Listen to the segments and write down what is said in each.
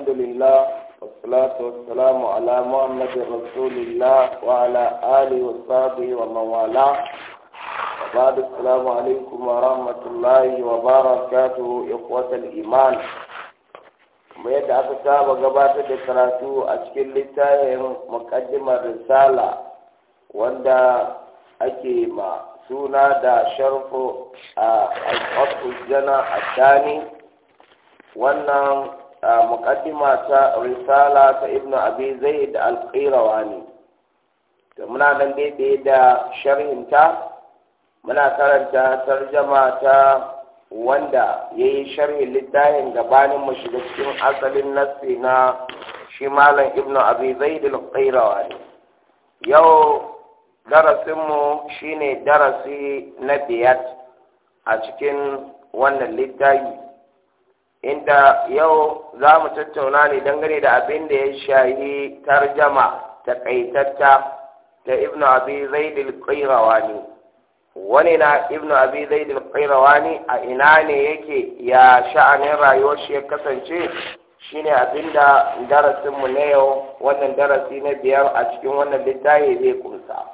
الحمد لله والصلاة والسلام على محمد رسول الله وعلى آله وصحبه ومن والاه وبعد السلام عليكم ورحمة الله وبركاته إخوة الإيمان aka saba gabatar da karatu a cikin littafin muƙaddimar risala wanda ake ma suna da sharfu a alƙasar jana wannan muqaddima ta risala ta ibnu abi zaid al-qirawani to muna nan daidai da sharhinta muna karanta tarjama ta wanda ya yi sharhin littafin gabanin mu shiga cikin asalin nassi na shi malam ibnu abi zaid al-qirawani yau darasinmu shine darasi na biyat a cikin wannan littafi inda yau za mu tattauna ne dangane da abin da ya shahi tarjama takaitatta ta ibnu abi zaidul al wani na ibnu abi zaidul a ina ne yake ya sha'anin rayuwar shi ya kasance shine abin da darasinmu na yau wannan darasi na biyar a cikin wannan littafi zai kunsa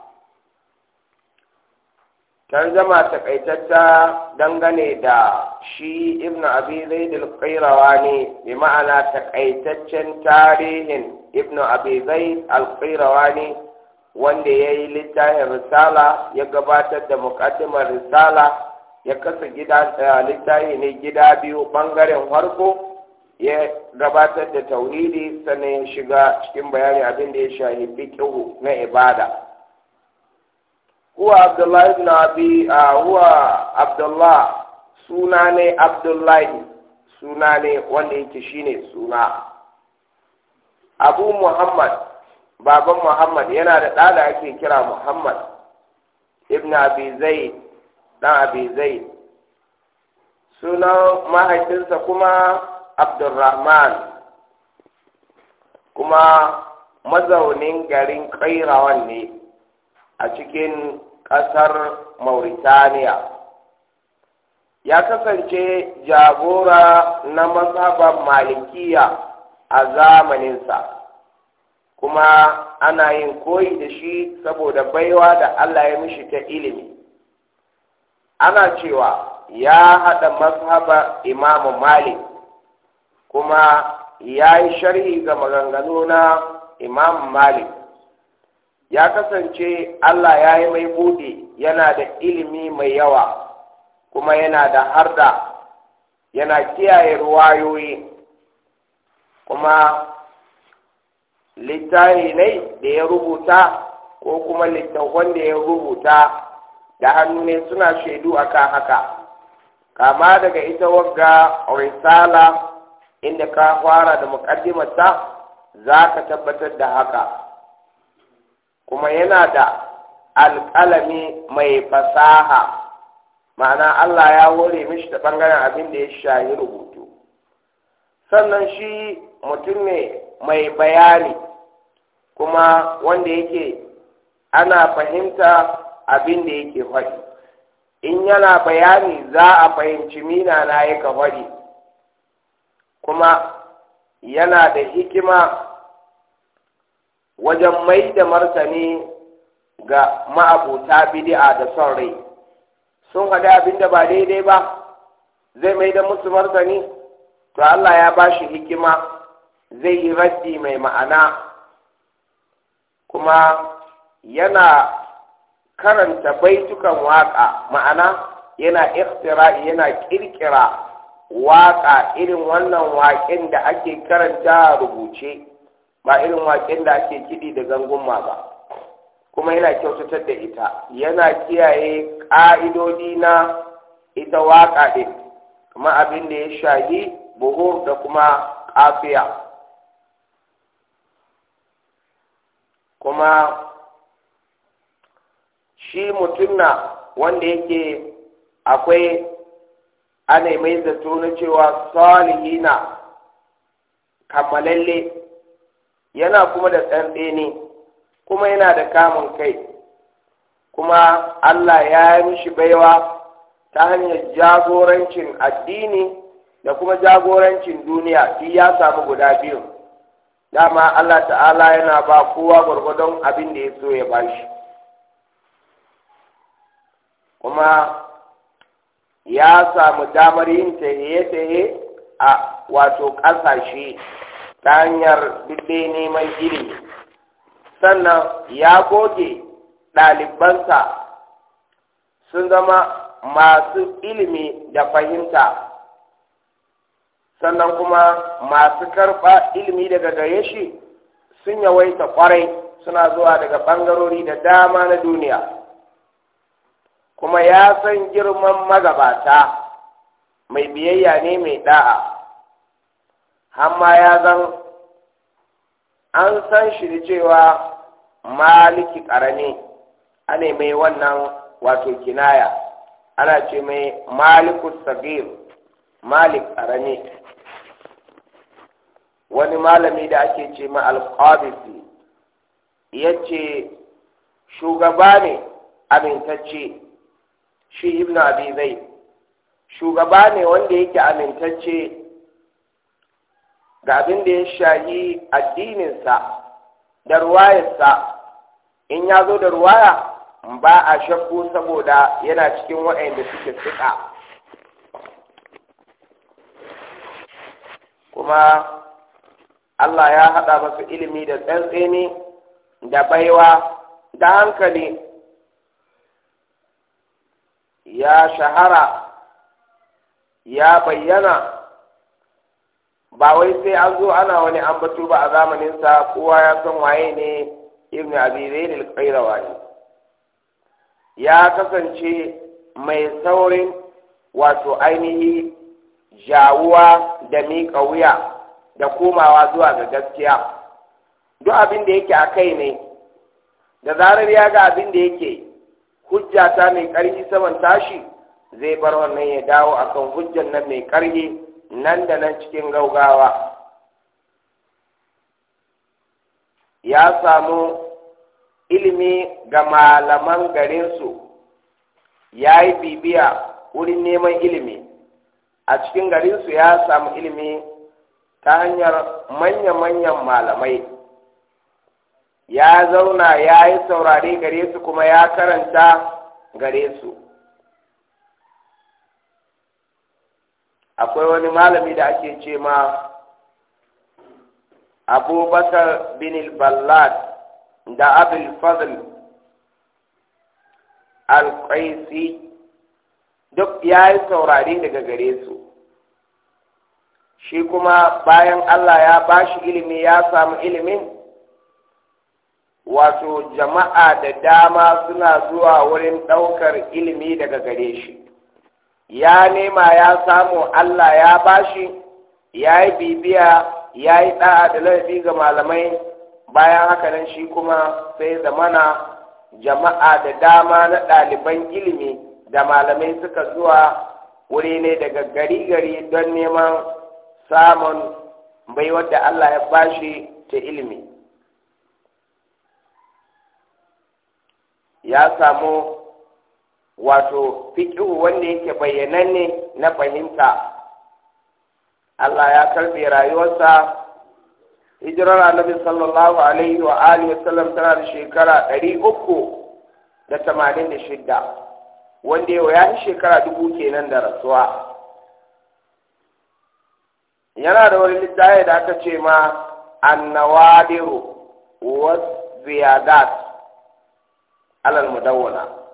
ترجمة تقيتتا دنغني دا شي ابن أبي ma'ana takaitaccen tarihin تقيتتا تاريخ ابن أبي زيد ne, wanda ya yi littafin risala ya gabatar da muƙaddimar risala ya kasa gida littafi ne gida biyu bangaren farko ya gabatar da tauhidi sannan ya shiga cikin bayani abin da ya shahi fiqhu na ibada ko abdullahi bin abi a ah, huwa abdullah suna ne abdullahi suna ne wanda yake shi ne suna abu muhammad baban muhammad yana da ɗa da ake kira muhammad ibn abi zai ɗan abi zai sunan mahaifinsa kuma abdulrahman kuma mazaunin garin kairawan ne a cikin ƙasar Mauritaniya. Ya kasance jagora na mazhaban malikiya a zamaninsa, kuma ana yin koyi da shi saboda baiwa da Allah ya mishi ta ilimi. Ana cewa ya haɗa mazhaba imamu Malik, kuma ya yi sharhi ga maganganu na imam Malik. ya kasance Allah ya yi mai buɗe yana da ilimi mai yawa kuma yana da harda yana kiyaye ruwayoyi kuma littafi ne da ya rubuta ko kuma littafan da ya rubuta da hannu ne suna shaidu a kan haka kama daga ita wagga risala inda ka fara da muƙaddimarta za ka tabbatar da haka kuma yana da alƙalami mai fasaha ma'ana Allah ya hore mishi da ɓangaren abin da ya shayi rubutu sannan shi mutum ne mai bayani kuma wanda yake ana fahimta abin da yake faɗi in yana bayani za a fahimci mina na ka faɗi kuma yana da hikima wajen mai da martani ga ma'abuta Bidi'a da son rai sun haɗa abin da ba daidai ba zai mai da musu martani to Allah ya ba shi hikima zai yi raddi mai ma'ana kuma yana karanta baitukan waƙa ma'ana yana ikhtira'i yana ƙirƙira waƙa irin wannan waƙin da ake karanta rubuce ba irin waƙen da ake kiɗi da ma ba kuma yana kyautatar da ita yana kiyaye ƙa'idodi na ita waƙa ɗin kuma abin da ya shahi buhu da kuma ƙafiya kuma shi mutum na wanda yake akwai ana mai zato na cewa na kammalalle yana kuma da tsantseni kuma yana da kamun kai kuma Allah ya yi mishi baiwa ta hanyar jagorancin addini da kuma jagorancin duniya shi ya samu guda biyu dama Allah ta'ala yana ba kowa gwargwadon abin da ya so ya ba shi kuma ya samu damar yin tahiye-tahiye a wato ƙasashe ta hanyar dubbe mai ilimi sannan ya goge ɗalibansa sun zama masu ilimi da fahimta sannan kuma masu karɓa ilimi daga gare shi sun yawaita ƙwarai suna zuwa daga ɓangarori da dama na duniya kuma ya san girman magabata mai biyayya ne mai ɗa'a. amma ya zan an san shi da cewa maliki karami ana mai wannan wato kinaya ana ce mai maliku sabir malik karami wani malami da ake ce ma alqabisi ya ce shugaba ne amintacce shi ibn abi zai shugaba ne wanda yake amintacce ga abin da ya shayi addininsa da ruwayarsa in ya zo da ruwaya ba a shakku saboda yana cikin waɗanda suke suka kuma Allah ya haɗa masu ilimi da tsantseni da baiwa da hankali ya shahara ya bayyana ba wai sai an zo ana wani an ambato ba a zamanin sa kowa ya san waye ne ibn abi zaid al-qayrawani ya kasance mai saurin wato ainihi jawuwa da miƙa wuya da komawa zuwa ga gaskiya duk abin da yake a kai ne da zarar ya ga abin da yake Hujjata mai ƙarfi saman tashi zai bar wannan ya dawo akan hujjan nan mai ƙarfi nan da nan cikin gaugawa ya samu ilimi ga malaman garinsu ya yi bibiya wurin neman ilimi a cikin garinsu ya samu ilimi ta hanyar manya-manyan malamai ya zauna ya yi saurare gare su kuma ya karanta gare su akwai wani malami da ake ce ma abubakar bin ballad da abul fadl al duk ya yi saurari daga gare su shi kuma bayan Allah ya ba shi ilimi ya samu ilimin wato jama'a da dama suna zuwa wurin ɗaukar ilimi daga gare shi ya nema ya samu Allah ya bashi ya yi bibiya ya yi ɗa'a da laifi ga malamai bayan haka nan shi kuma sai zamana jama'a da dama na ɗaliban ilimi da malamai suka zuwa wuri ne daga gari gari don neman samun bai wadda Allah ya bashi ta ilimi ya samu wato fiƙihu wanda yake ne na fahimta Allah ya karɓe rayuwarsa hijirar annabi sallallahu alaihi wa alihi wasallam tana da shekara ɗari uku da tamanin da shidda wanda yau ya yi shekara dubu kenan da rasuwa yana da wani littafi da aka ce ma annawadiru wasu ziyadat alal mudawwana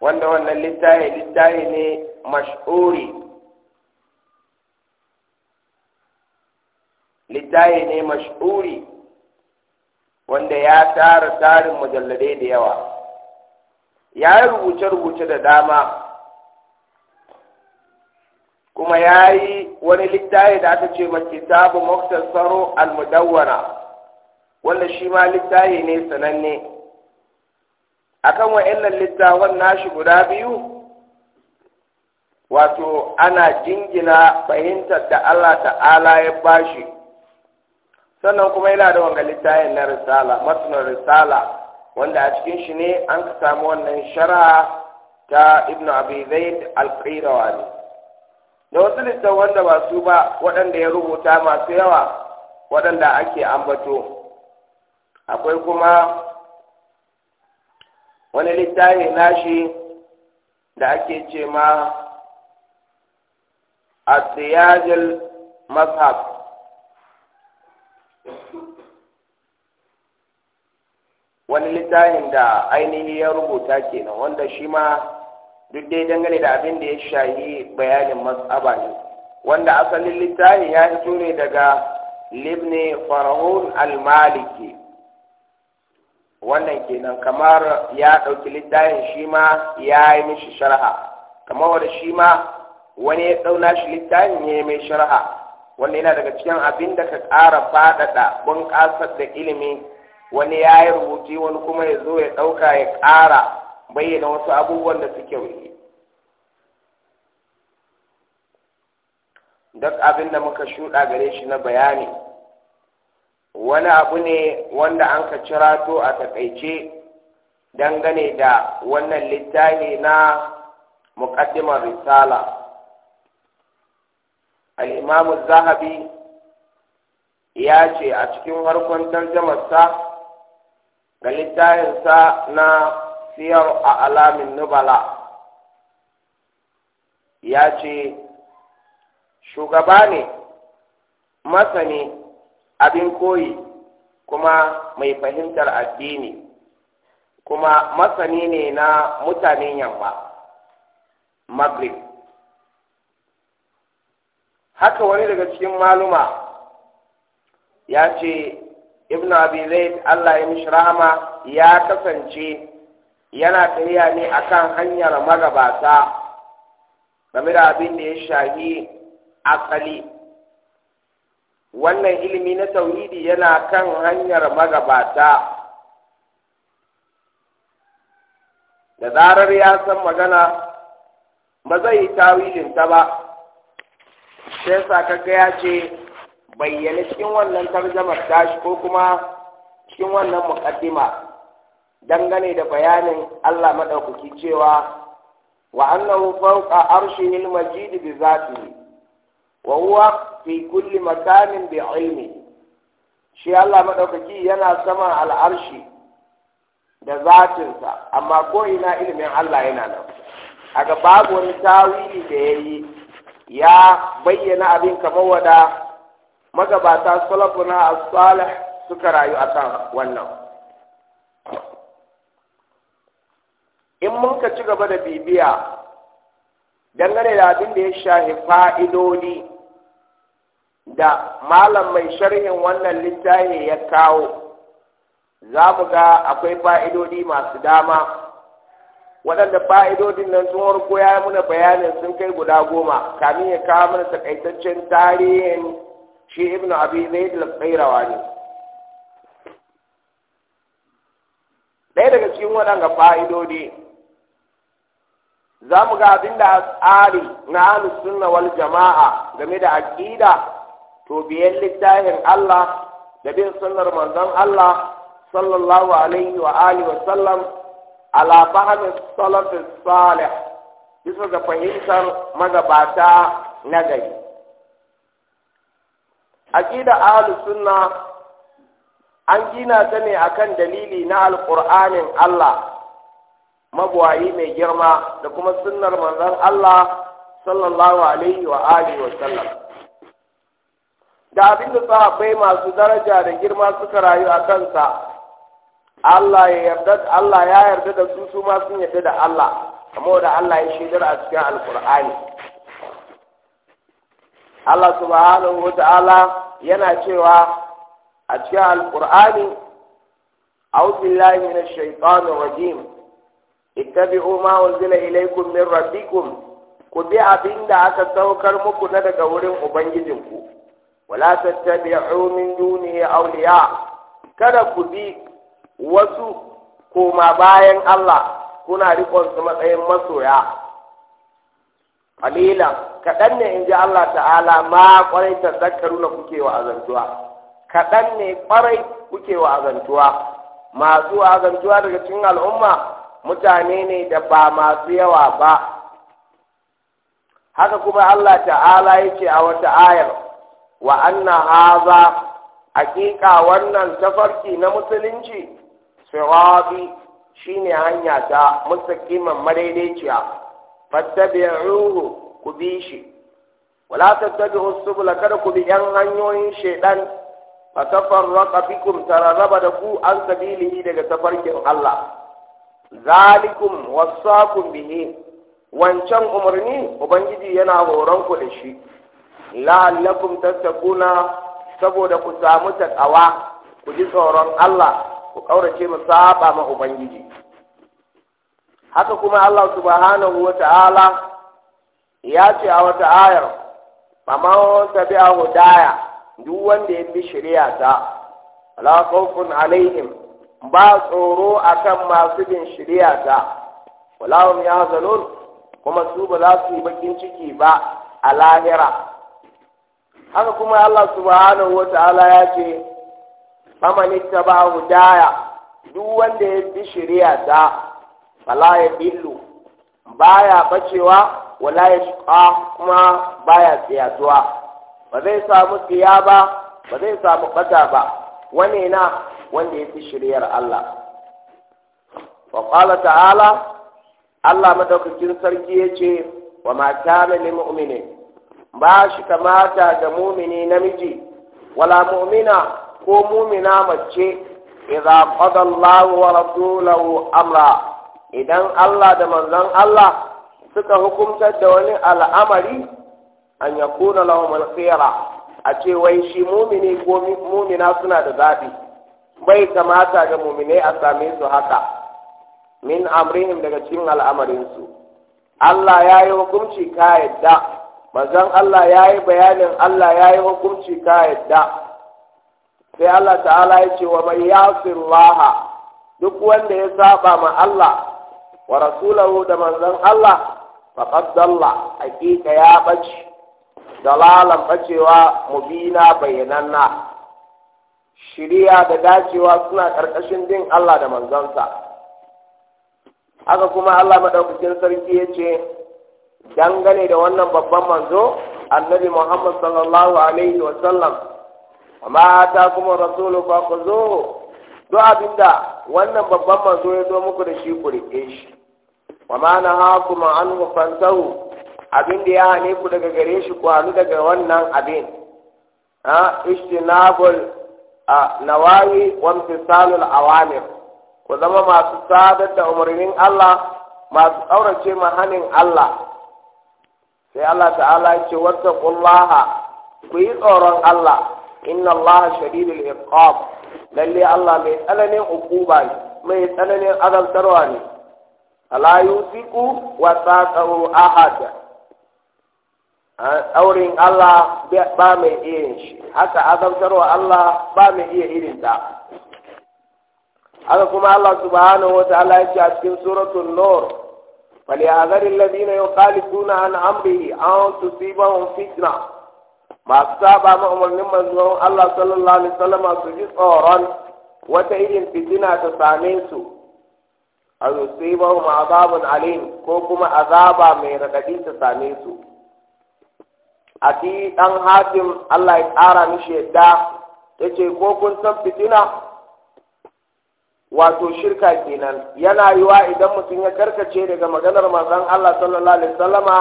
wanda wannan littahi littahi ne mashhuri littahi ne mashhuri wanda ya tara tarin mujalladai da yawa ya yi rubuce-rubuce da dama kuma ya yi wani littafi da aka ce mai kitabu muktasaro al al'mudawwana, wanda shi ma littafi ne sananne akan wa'annan littafin nashi guda biyu wato ana jingina fahimtar da Allah ta'ala ya bashi sannan kuma yana da wanga littafin na risala matunan risala wanda a cikin shi ne an ka samu wannan shara ta ibn abi zaid al-qirawani da wasu littawan da ba su ba waɗanda ya rubuta masu yawa waɗanda ake ambato akwai kuma wani littafi nashi da ake ce ma asiyajil mazhab wani littafin da ainihi ya rubuta kenan wanda shi ma duk dai dangane da abin da ya shayi bayanin mazhaba ne wanda asalin littafin ya fito ne daga libni farahun al-maliki wannan kenan kamar ya ɗauki littafin shi ma ya yi mishi sharha kamar wanda shi ma wani ya ɗauna shi littafin ya yi mai sharha wanda yana daga cikin abin da ka ƙara faɗaɗa bunƙasar da ilimi wani ya yi rubutu wani kuma ya zo ya ɗauka ya ƙara bayyana wasu abubuwan da suke wuri duk abin da muka shuɗa gare shi na bayani wani abu ne wanda an ka to a takaice dangane da wannan littafi na muƙaddimar risala al'imamu zahabi ya ce a cikin harkon tarjamarsa ga littafinsa na siyar a alamin nubala ya ce shugaba ne masani abin koyi kuma mai fahimtar addini kuma masani ne na mutanen yamma maghrib haka wani daga cikin maluma ya ce ibn abi zaid allah ya mishi rahama ya kasance yana tafiya ne a kan hanyar magabata game da abin da ya shahi asali wannan ilimi na tauhidi yana kan hanyar magabata da zarar ya san magana ba zai yi ta ba sai sa kaga ya ce bayyane cikin wannan tarjamar tashi ko kuma cikin wannan mukaddima dangane da bayanin Allah maɗaukaki cewa wa annahu fawqa arshihil majid bi zatihi Wawuwa fi kulli makanin bi ilmi shi Allah madaukaki yana saman al'arshi da zatinsa amma ko ina ilimin Allah yana nan aga babu wani tawili da yayi ya bayyana abin kamar wada magabata salafuna as-salih suka rayu a kan wannan in mun ka ci gaba da bibiya dangane da abin da ya shafi fa'idodi da malam mai sharhin wannan littafi ya kawo za mu ga akwai fa'idodi masu dama waɗanda fa'idodin nan sun harko ya yi muna bayanin sun kai guda goma kamin ya kawo mana takaitaccen tarihin shi ibn abi zai al ne ɗaya daga cikin waɗanda fa'idodi za mu ga abin da tsari na ahlus wal jama'a game da aqida to biyan littafin Allah da bin sunnar manzon Allah sallallahu alaihi wa alihi wa sallam ala fahmi salaf salih bisa ga fahimtar magabata na gari aqida ahlus sunna an gina ta ne akan dalili na alqur'anin Allah mabuwayi mai girma da kuma sunnar manzon Allah sallallahu alaihi wa alihi wa sallam da abin da sahabbai masu daraja da girma suka rayu a kansa Allah ya yarda Allah ya yarda da su su ma sun yarda da Allah kamar da Allah ya shaidar a cikin Alkur'ani Allah subhanahu wa ta'ala yana cewa a cikin Alkur'ani a'udhu billahi minash shaitanir rajim ittabi'u ma unzila ilaykum min rabbikum ku bi abin da aka saukar muku na daga wurin ubangijinku wala tattabi'u min dunihi awliya kada ku bi wasu koma bayan Allah kuna rikon su matsayin masoya qalila kaɗan ne in ji Allah ta'ala ma ƙwarai ta zakaru na kuke wa azantuwa kaɗan ne ƙwarai kuke wa azantuwa masu azantuwa daga cikin al'umma mutane ne da ba masu yawa ba haka kuma Allah ta'ala yake a wata ayar wa anna haza hakika wannan tafarki na musulunci sirabi shine hanya ta mustaqiman madaidaiciya fattabi'uhu ku bi shi wala tattabi'u subula kada ku bi yan hanyoyin shaidan fatafarraqa bikum tararaba da ku an sabilihi daga tafarkin Allah zalikum wasakum bihi wancan umarni ubangiji yana horon ku da shi la'allakum tattakuna saboda ku samu takawa ku ji tsoron Allah ku kaurace mu saba ma ubangiji haka kuma Allah subhanahu wa ta'ala ya ce a wata ayar faman a hudaya duk wanda ya bi shari'a ta la khawfun alaihim ba tsoro a kan masu bin shirya ta walahum ya zanun kuma su ba za su yi bakin ciki ba a lahira haka kuma Allah subhanahu wa ta'ala ya ce faman ittaba hudaya duk wanda ya fi shirya ta fala ya billu baya bacewa wala ya shiqa kuma baya tsiyatuwa ba zai samu tsiya ba ba zai samu bata ba wani na wanda ya fi shiryar Allah wa ta'ala Allah madaukakin sarki ya ce wa mata lil mu'mini ba shi kamata da mumini namiji wala mu'mina ko mumina mace idan qada wa amra idan Allah da manzon Allah suka hukumtar da wani al'amari an yakuna lahum al a ce wai shi mumini ko mumina suna da zaɓi. bai kamata ga muminai a same su haka min amrihim daga cikin al'amarinsu Allah ya yi hukunci ka yadda manzon Allah ya yi bayanin Allah ya yi hukunci ka yadda sai Allah ta'ala ya ce wa mai yasillaha duk wanda ya saba ma Allah wa rasulahu da manzon Allah faqad dalla hakika ya bace dalalan bacewa mubina bayyananna shiriya da dacewa suna ƙarƙashin bin Allah da manzansa haka kuma Allah maɗaukacin sarki ya ce dangane da wannan babban manzo annabi Muhammad sallallahu alaihi wa sallam amma ta kuma rasulu fa ku zo abin abinda wannan babban manzo ya zo muku da shi ku riƙe shi amma ma ha kuma an fantahu abin da ya hane ku daga gare shi ku hannu daga wannan abin ha ishtinabul a nawayi wa misalul awamir ku zama masu sadar da umarnin Allah masu aurace mahanin Allah sai Allah ta'ala ce kullaha ku yi tsoron Allah inna Allah shadidul iqab lalle Allah mai tsananin hukuma ne mai tsananin azabtarwa ne ala yusiku wa taqaw ahad aurin Allah ba mai iya shi haka azabtarwa Allah ba mai iya irin ta haka kuma Allah subhanahu wa ta'ala ya ce a cikin suratul nur فليعذر الذين يخالفون amri امره ان تصيبهم فتنه ما سابا ما umarnin manzo Allah sallallahu alaihi wasallam su ji tsoron wata irin fitina ta same su a yusibahum azabun alim ko kuma azaba mai radadi ta same su ati dan hatim Allah ya tsara mishi yadda yace ko kun san fitina wato shirka kenan yana yiwa idan mutum ya karkace daga maganar manzon Allah sallallahu alaihi wasallama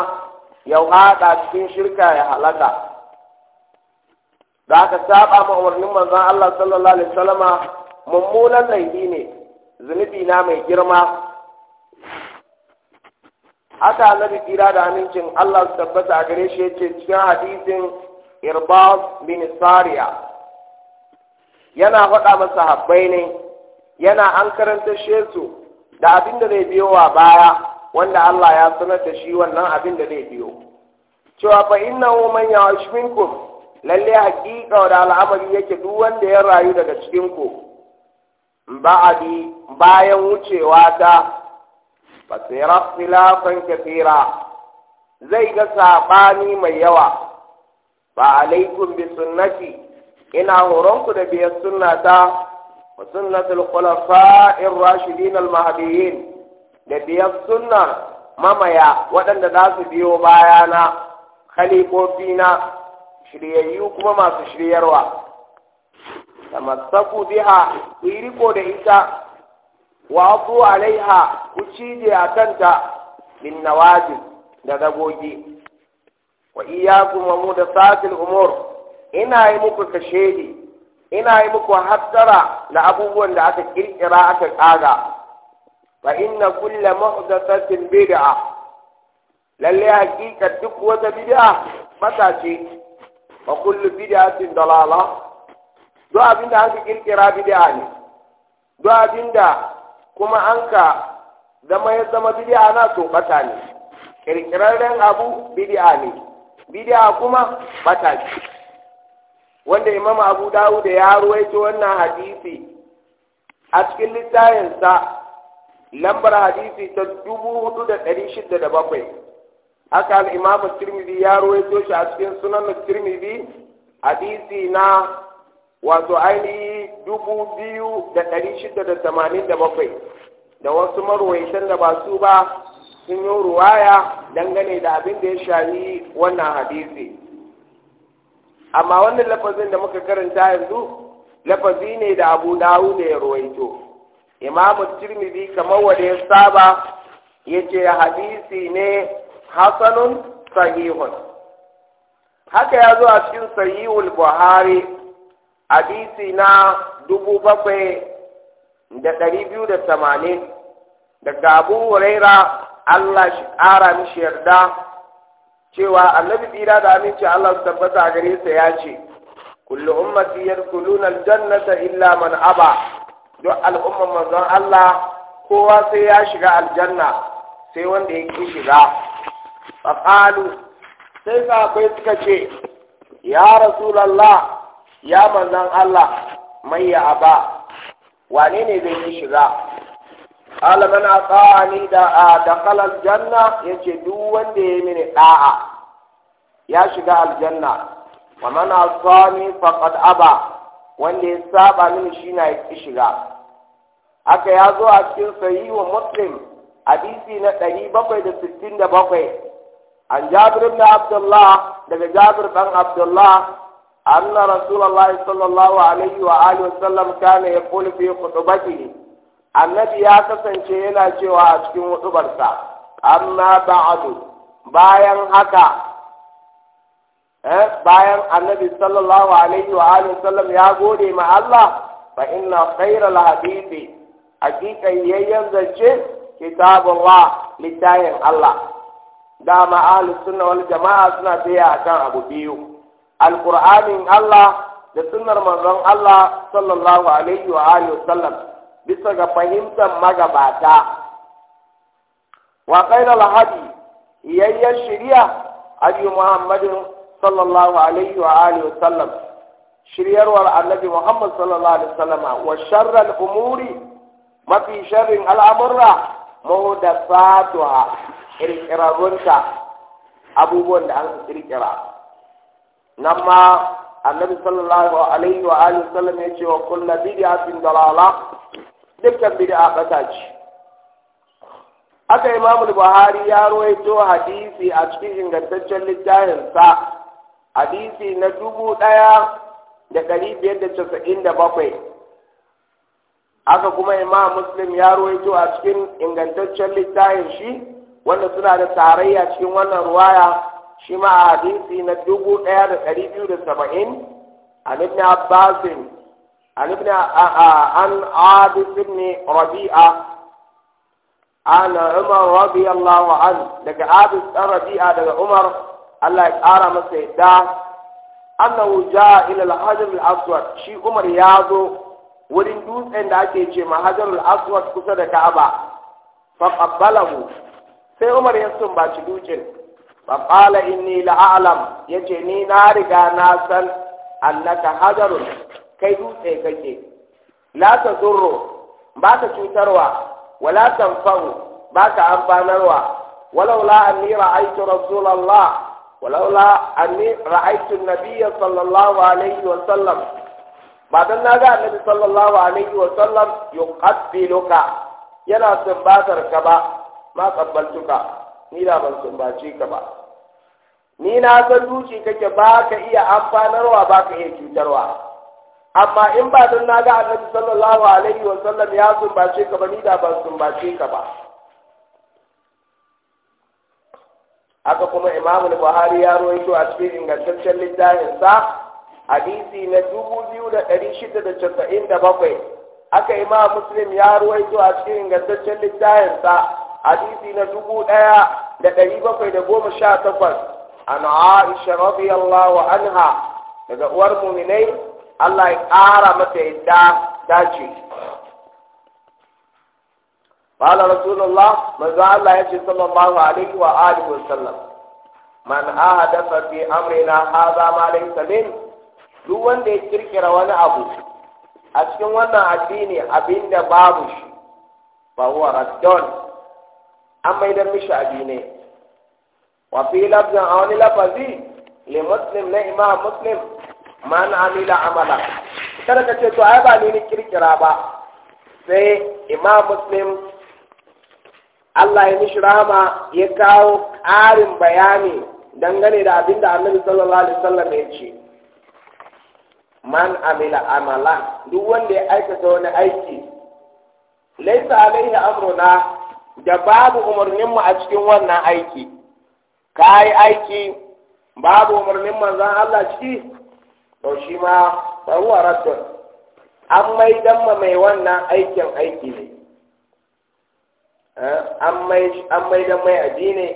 ya hada cikin shirka ya halaka da aka saba ma umarnin manzon Allah sallallahu alaihi wasallama mummunan laifi ne zunubi na mai girma haka annabi kira da amincin Allah su tabbata a gare shi yace cikin hadisin Irbaz bin Sariya yana faɗa masa habbai ne yana an karanta shesu da abin da zai biyo wa baya wanda Allah ya sanar da shi wannan abin da zai biyo cewa fa innahu man ya'ish minkum lalle haƙiƙa da al'amari yake duk wanda ya rayu daga cikin ku ba'adi bayan wucewa ta fasira ikhtilafan kathira zai ga sabani mai yawa ba alaikum bi sunnati ina horonku da biyar sunnata wa sunnatul khulafa'ir rashidin al mahdiyyin da biyar sunna mamaya waɗanda za su biyo bayana khalifofina shiryayyu kuma masu shiryarwa tamassaku biha ku da ita wa abu alaiha ku cije a kanta min da zagogi wa mu da satin umur ina yi muku kashedi ina yi muku hattara na abubuwan da aka kirkira aka kaga fa inna kulla muhdathatin bid'a lalle hakika duk wata bid'a mata ce wa kullu bid'atin dalala duk abinda aka kirkira bid'a ne duk abinda kuma an ka zama ya zama bidi'a na so bata ne kirkirarren abu bidi'a ne bidi'a kuma bata ce wanda imam abu da ya ruwaito wannan hadisi a cikin littafinsa lambar hadisi ta dubu hudu da ɗari shida da bakwai haka al'imamu tirmidhi ya ruwaito shi a cikin sunan tirmidhi hadisi na wato ainihi dubu biyu da ɗari shida da tamanin da bakwai da wasu marwaitan da ba su ba sun yi ruwaya dangane da abin da ya shahi wannan hadisi amma wannan lafazin da muka karanta yanzu lafazi ne da abu dawu da ya ruwaito imamu tirmidhi kamar wanda ya saba ya ce hadisi ne hasanun sahihun haka ya zo a cikin sahihul buhari hadisi na dubu bakwai da ɗari biyu da tamanin daga abu huraira Allah shi ƙara mishi yarda cewa annabi tsira da aminci Allah su tabbata gare sa ya ce kullu ummati yadkhuluna aljannata illa man aba duk al'ummar manzon Allah kowa sai ya shiga aljanna sai wanda ya ki shiga faqalu sai akwai suka ce ya rasulullah ya manzan Allah mai ya aba wane ne zai yi shiga alaman a tsani da a dakalar janna ya ce duk wanda ya mini ɗa'a ya shiga aljanna wa mana tsani faƙad aba wanda ya saba mini shi na yi shiga aka ya zo a cikin sayi wa muslim hadisi na ɗari bakwai da sittin da bakwai an jabirin na abdullah daga jabir ɗan abdullah أن رسول الله صلى الله عليه وآله وسلم كان يقول في خطبته annabi ya kasance yana cewa a cikin hudubarsa amma ba'adu bayan haka bayan annabi sallallahu alaihi wa alihi sallam ya gode ma Allah fa inna khairal hadisi hakika yayyan zance kitabullah littayin Allah da ma ahlus sunna wal jama'a suna tsaya akan abu biyu alƙur'anin Allah da sunar manzon Allah sallallahu alaihi wa alihi wasallam bisa ga fahimtar magabata wa qaila hadi yayya shiriya abi muhammadin sallallahu alaihi wa alihi sallam wal annabi muhammad sallallahu alaihi wasallam wa sharral umuri mafi sharrin al'amurra muhdathatuha kirkirarunta abubuwan da an kirkira nan ma annabi sallallahu alaihi wa alihi sallam ya ce wa kullu bid'atin dalala dukkan bid'a bata ce aka imamu buhari ya rawaito hadisi a cikin ingantaccen littafin sa hadisi na dubu ɗaya da dari biyar da casa'in da bakwai Aka kuma imam muslim ya rawaito a cikin ingantaccen littafin shi wanda suna da tarayya cikin wannan ruwaya shi ma hadisi na dubu ɗaya da ɗari biyu da saba'in an ibn abbasin an ibn an abis ibn rabi'a an umar radiyallahu an daga abis ɗan rabi'a daga umar Allah ya ƙara masa yadda annahu ja ila al-hajar al-aswad shi umar ya zo wurin dutsen da ake ce ma hajar al-aswad kusa da ka'aba fa qabbalahu sai umar ya sumbaci dutsen in ni la'alam ya ce ni na riga na san annaka hajarun kai dutse kake la ta zurro ba ka cutarwa wala tanfa'u ba ka amfanarwa walaula anni ra'aytu rasulallah sallallahu alaihi wa ba dan na ga annabi sallallahu alaihi wa sallam yuqabbiluka yana sumbatar ka ba ma qabbaltuka ni da ban sumbace ka ba ni na san zuci kake ba ka iya amfanarwa ba ka iya cutarwa amma in ba don na ga annabi sallallahu alaihi wa sallam ya sumbace ka ba ni da ban sumbace ka ba haka kuma imamu buhari ya rawaito a cikin ingantaccen littafin sa hadisi na dubu biyu da ɗari shida da casa'in da bakwai aka imam muslim ya rawaito a cikin ingantaccen littafin sa hadisi na dubu ɗaya da ɗari bakwai da goma sha takwas an Aisha rabi radiyallahu anha daga uwar muminai Allah ya kara mata yadda dace قال رسول الله ماذا الله يجي صلى الله عليه وآله وسلم من أهدف في أمرنا هذا ما ليس Salim. duk wanda ya kirkira wani abu a cikin wannan addini abinda babu shi ba huwa raddon an maidar mishi addinai وفي لفظ أو Muslim لمسلم لإمام Muslim man amila amala kada ka ce to ai ba ni ne kirkira ba sai imam muslim Allah ya mishi ya kawo ƙarin bayani dangane da abin da annabi sallallahu alaihi wasallam ya ce man amila amala duk wanda ya aikata wani aiki laisa alaihi amruna da babu umarninmu a cikin wannan aiki ka yi aiki babu umarnin manzan Allah ciki to shi ma faruwa raddon an mai damma mai wannan aikin aiki ne eh, an mai ya mai addini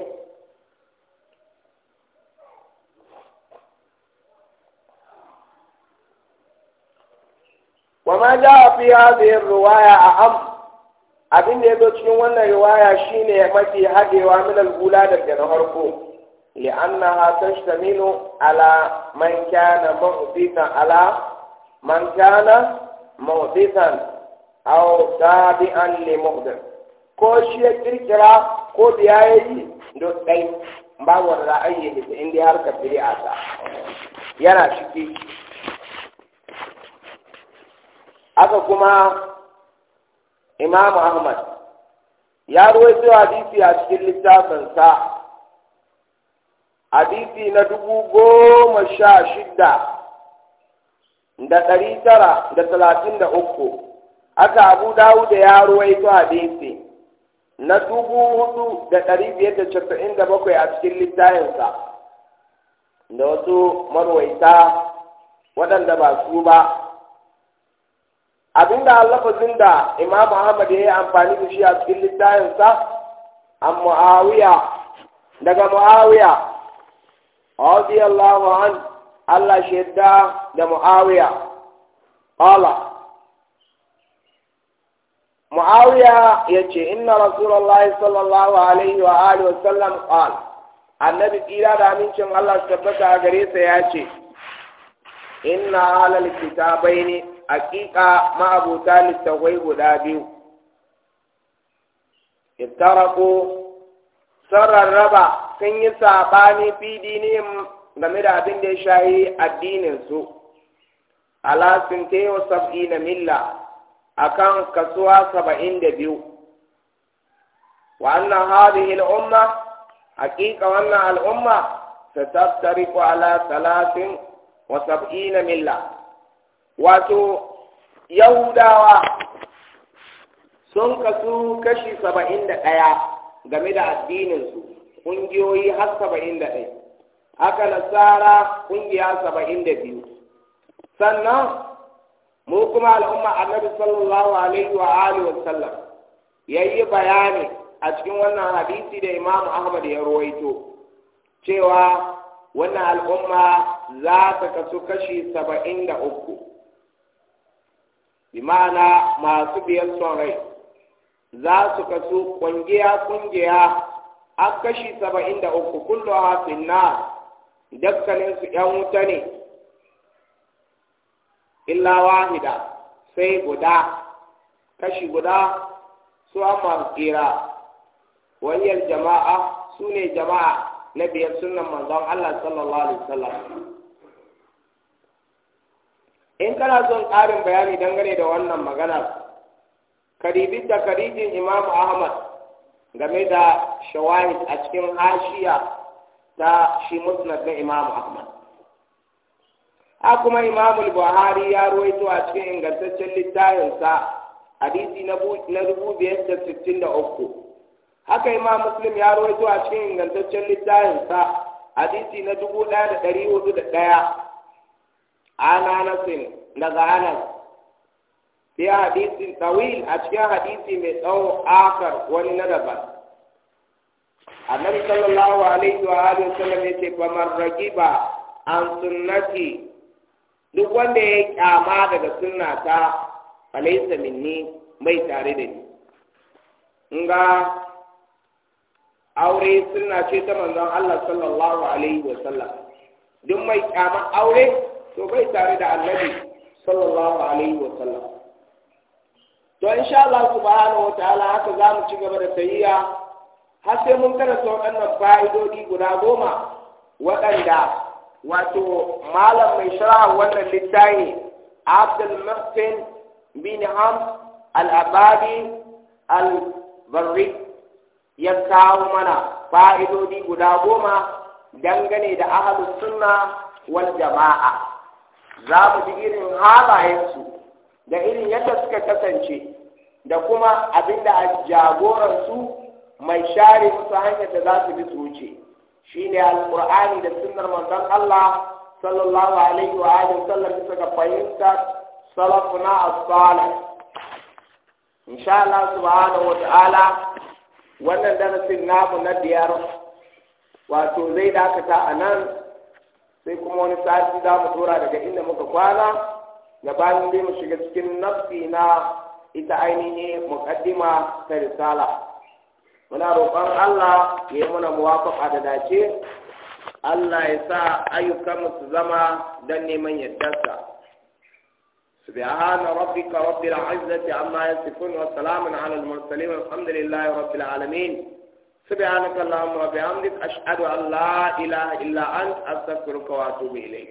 wa ma ja fi hadhihi riwaya a am abin da ya zo cikin wannan riwaya shine mafi hadewa min al-gula daga na harko li anna ha tashta minu ala man kana mu'tisan ala man kana mu'tisan ko shi ya kirkira ko da ya yi do dai ba wa ra'ayi da in ka yana shiki aka kuma imamu ahmad ya ruwaye hadisi a cikin littafin sa hadisi na dubu goma sha shidda da ɗari tara da talatin da uku aka abu dawu da ya ruwaito hadisi na dubu hudu da ɗari biyar da casa'in da bakwai a cikin littayinsa da wasu marwaita waɗanda ba su ba abinda lafazin da imam Muhammad ya yi amfani da shi a cikin littayinsa an mu'awiya daga mu'awiya radiyallahu an Allah shaida da Muawiya qala Muawiya yace inna Rasulullahi sallallahu alaihi wa wa sallam qala Annabi tsira da amincin Allah su tabbata a gare sa yace inna alal kitabaini haqiqa ma abuta littawai guda biyu ittaraku sararraba sun yi saɓani fi dinihim game da abin da ya shayi addininsu ala sun wa sab'i na milla a kan kasuwa saba'in da biyu wannan annan hadhihi al'umma haƙiƙa wannan al'umma ta tattari ku ala talatin wa na milla wato yahudawa sun kasu kashi saba'in da ɗaya game da addininsu ƙungiyoyi har saba'in da ɗaya haka nasara ƙungiya saba'in da biyu sannan mu kuma al'umma annabi sallallahu alaihi wa alihi wasallam yayi bayani a cikin wannan hadisi da imamu ahmad ya rawaito cewa wannan al'umma za ta kasu kashi saba'in da uku ma'ana masu biyan son rai za su kasu kungiya kungiya an kashi saba'in da uku kullu a finna dakkaninsu ‘yan wuta ne illa wahida sai guda kashi guda su amma kira, Wanyar jama'a su ne jama'a na biyar sunan manzon Allah sallallahu alaihi wasallam in kana son ƙarin bayani dangane da wannan maganar karibin da karibin imam ahmad game da shawahid a cikin hashiya ta shi musnad na Imam Ahmad a kuma imamu Buhari ya ruwaito a cikin ingantaccen littafinsa hadisi na dubu biyar da sittin da uku haka Imam Muslim ya ruwaito a cikin ingantaccen littafinsa hadisi na dubu ɗaya da ɗari hudu da ɗaya ana anasin daga anas sai hadisin tawil a cikin hadisi mai tsawon akar wani na daban annabi sallallahu alaihi wa alihi wasallam yace fa man ragiba an sunnati duk wanda ya kyama daga sunnata falaysa minni mai tare da ni nga aure sunna ce ta manzon Allah sallallahu alaihi wa sallam duk mai kyama aure to bai tare da annabi sallallahu alaihi wa sallam to insha Allah subhanahu wa ta'ala haka zamu ci gaba da tayyiya har sai mun karanta waɗannan fa'idodi guda goma waɗanda wato malam mai shara wannan littafi Abdul Muhsin bin Ham al-Abadi al-Barri ya kawo mana fa'idodi guda goma dangane da ahlus sunna wal jama'a za mu ji irin halayensu da irin yadda suka kasance da kuma abinda a jagoransu mai share musu hanyar da za su bi su wuce shine alƙur'ani da sunnar manzon Allah sallallahu alaihi wa alihi sallam bisa ga fahimtar salafuna as-salih insha Allah subhanahu wa ta'ala wannan darasin namu na biyar wato zai dakata a nan sai kuma wani sati za mu tura daga inda muka kwana na bayan dai mu shiga cikin naf'i na ita ainihin muqaddima ta risala muna roƙon Allah ya yi muna muwafaƙa da dace Allah ya sa ayyukanmu su zama don neman yardarsa سبحان ربك رب العزة عما يصفون وسلام على المرسلين والحمد لله رب العالمين سبحانك اللهم وبحمدك أشهد أن لا إله إلا أنت أستغفرك وأتوب إليك